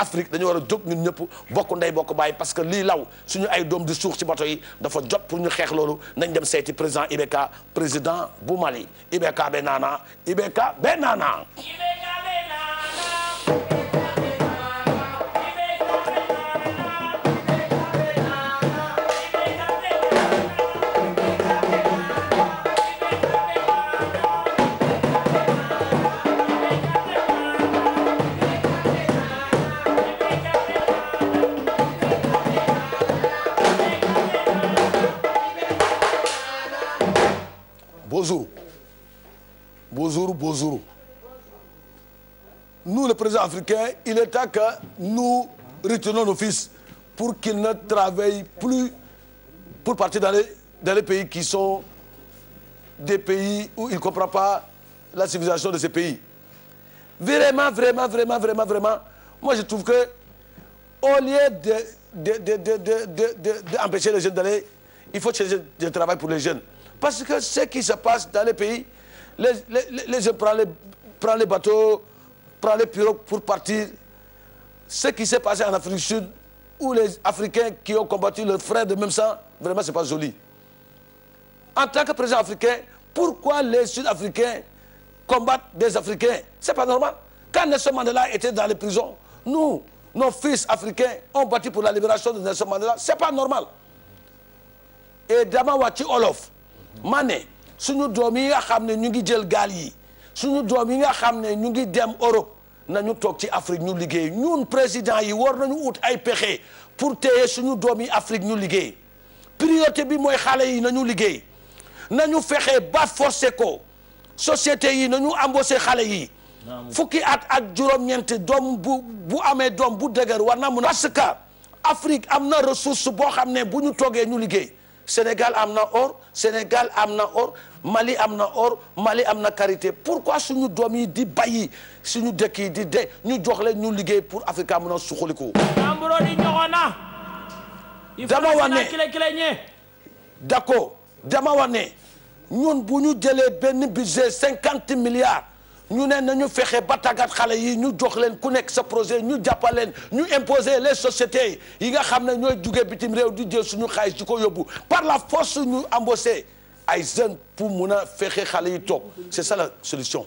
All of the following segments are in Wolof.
Afrique dañu war a jóg ñun ñëpp bokk ndey bokk bàyyi parce que lii law suñu ay doom di suux ci bato yi dafa jot pour ñu xeex loolu nañ dem seeti président IBK président bu Mali IBK be naana IBK be naana Bonjour, bonjour. Nous, le président africain, il est temps que nous retenions nos fils pour qu'ils ne travaillent plus pour partir dans les, dans les pays qui sont des pays où ils ne comprennent pas la civilisation de ces pays. Vraiment, vraiment, vraiment, vraiment, vraiment, moi je trouve que au lieu de, de, de, d'empêcher les jeunes d'aller, il faut chercher du travail pour les jeunes. Parce que ce qui se passe dans les pays les les les les prennent les bateaux prennent les pirogues pour partir ce qui s'est passé en Afrique du Sud où les Africains qui ont combattu leurs frères de même sang vraiment c'est pas joli en tant que président africain pourquoi les Sud-Africains combattent des Africains c'est pas normal quand Nelson Mandela était dans les prisons nous nos fils africains ont battu pour la libération de Nelson Mandela c'est pas normal et Damawachi Olof Mané suñu doom yi nga xam ne ñu ngi jël gaal yi suñu doom yi nga xam ne ñu ngi dem Europe nañu toog ci Afrique ñu liggéey ñu président yi war nañu ut ay pexe pour téye suñu doom yi Afrique ñu liggéey priorité bi mooy xale yi nañu liggéey nañu fexe ba forcé ko société yi nañu embauché xale yi fukki at ak juróom-ñeent doom bu bu amee doom bu dëgër war na mun parce que Afrique am na ressource boo xam ne bu ñu toogee ñu liggéey Sénégal am na or Sénégal am na or Mali am na or Mali am na karité pourquoi suñu doom yi di bàyyi suñu dëkk yi di de ñu jox leen ñu liggéey pour Afrique mën a suqaliku. Tamborodi ñoxoon na. dama wane d'accord dama wane ñun bu ñu jëlee benn budget cinquante milliards. ñu ne nañu fexe ba tàggat xale yi ñu jox leen ku nekk sa projet ñu jàppal leen ñu imposer les sociétés yi nga xam ne ñooy jugee bitim réew di jël suñu xaalis di ko yóbbu par la force ñu embaucher ay jeunes pour mun a fexe xale yi toog c'est ça la solution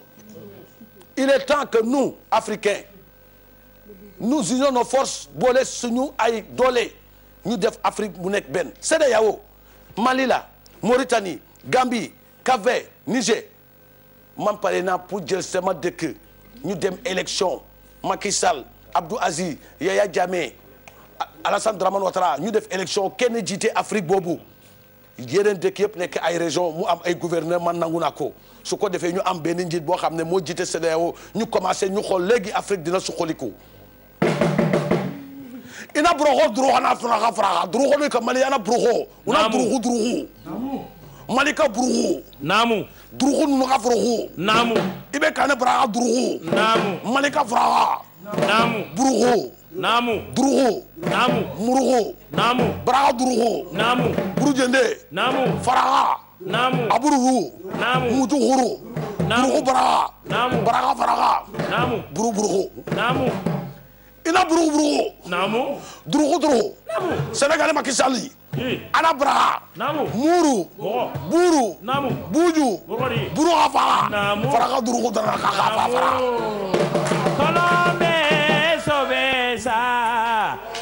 il est temps que nous Africains nous unions nos forces boole suñu ay doole ñu def Afrique mu nekk benn CEDEAO Mali la Mauritanie Gambie Cap-Vert Niger man pare naa pour jël sama dëkk ñu dem élection Macky Sall Abdou Aziz Yaya Jammeh Alassane Dramane Ouattara ñu def élection kenn jiite Afrique boobu yeneen dëkk yëpp nekk ay région mu am ay gouverneur man nangu naa ko su ko defee ñu am benn jiit boo xam ne moo jiite CEDEAO ñu commencé ñu xool léegi Afrique dina suqaliku ina buruxo duruxana fanaxa faraxa duruxo ni kamali ana buruxo una duruxu duruxu malika burugu naamu durugu nunu ka furugu naamu i bɛ kane buraka durugu naamu malika furaka naamu burugu naamu durugu naamu murugu naamu buraka durugu naamu burujende naamu naamu aburugu naamu mutuhuru durugu buraka naamu buraka faraka naamu ina buruku buruku naamu duruku duruku naamu Sénégal Macky Sall ana baraha naamu muuru buuru naamu buuju buru ka fara naamu fara ka duruku dara ka ka fa fara kɔnɔ bɛ sɔbɛ sa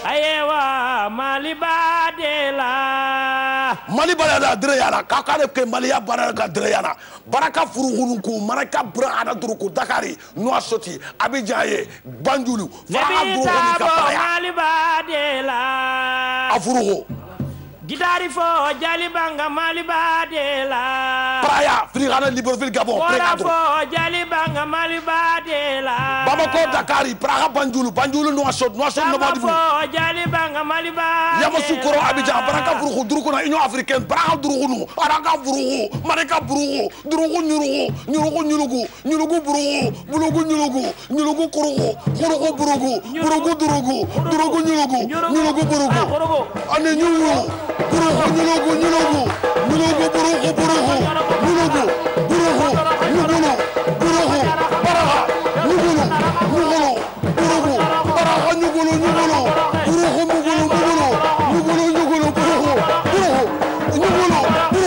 a ye wa maliba mali balada direyana kakale ke maliya baraka direyana baraka furuhunuku maraka bra ana turuku dakari nuasoti abijaye banjulu fara duruhuni kapaya afuruhu gitari fo jalibanga malibadela praya Tirana Libreville Gabon. Prégadro Bamako Dakar yi Praha Banjulu Banjulu Nouakchott Nouakchott Nouadhibou. Yamoussoukro Abidjan Baraka Buruku Durukuna Union africaine Baraka Durukunu Araka Buruku Marika Buruku Duruku Ñuruku Ñuruku Ñulugu Ñulugu Buruku Bulugu Ñulugu Ñulugu Kuruku Kuruku Buruku Buruku Duruku Duruku Ñulugu Ñulugu Buruku Ani Ñuyu Kuruku Ñulugu Ñulugu Ñulugu Buruku Buruku Ñulugu ñugulu ñugulu ñugulu ñugulu ñugulu ñugulu